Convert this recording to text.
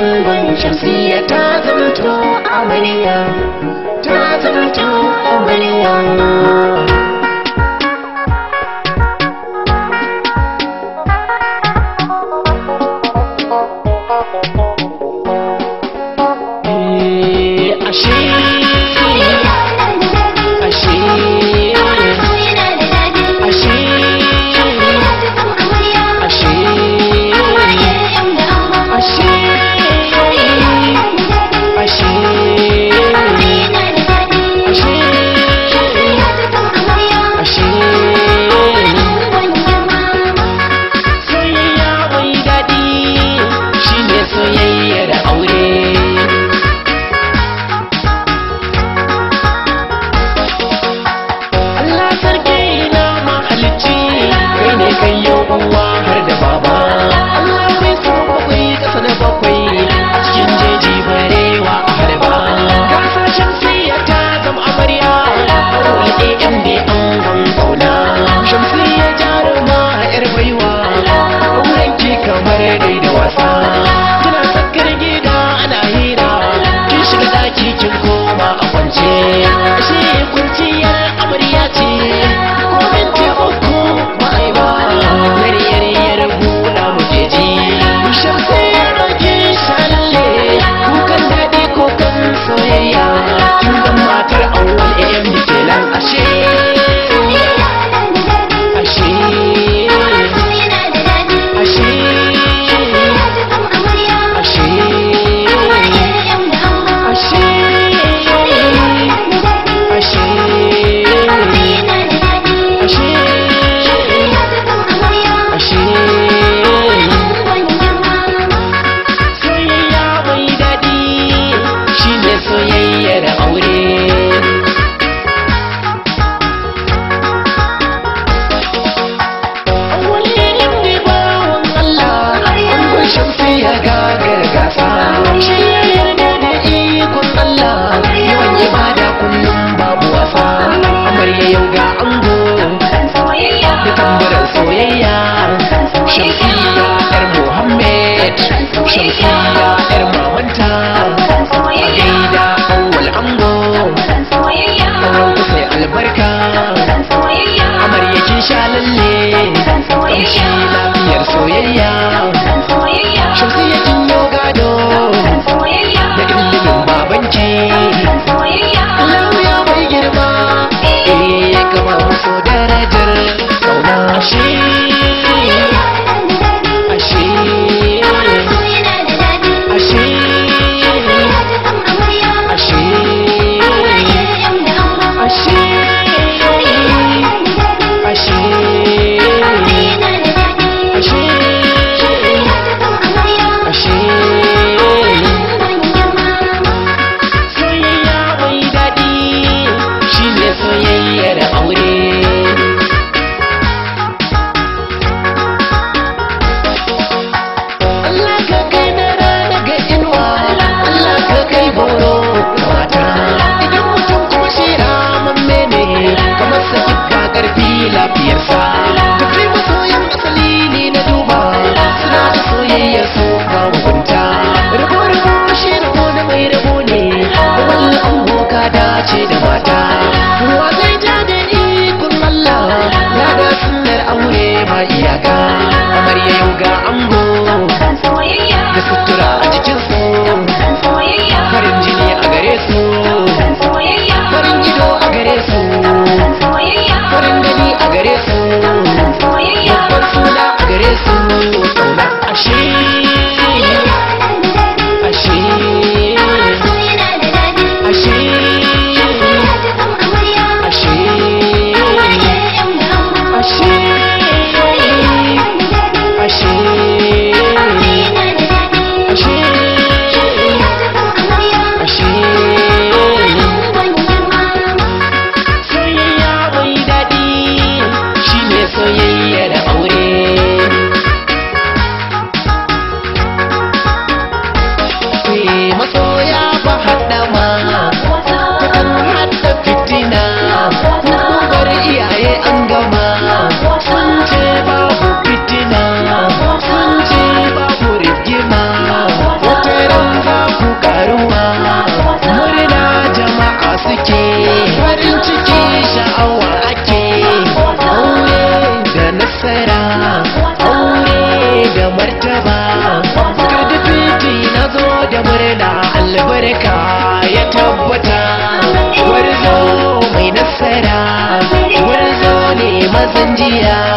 bangon shamsiya ta zamto amaliya ta zamto amaliya eh, ashe albarka amarya kin sha lalle ƙamshi lafiyar soyayya my murna albarka ya tabbata warzo mai nasara warzo ne mazan jiya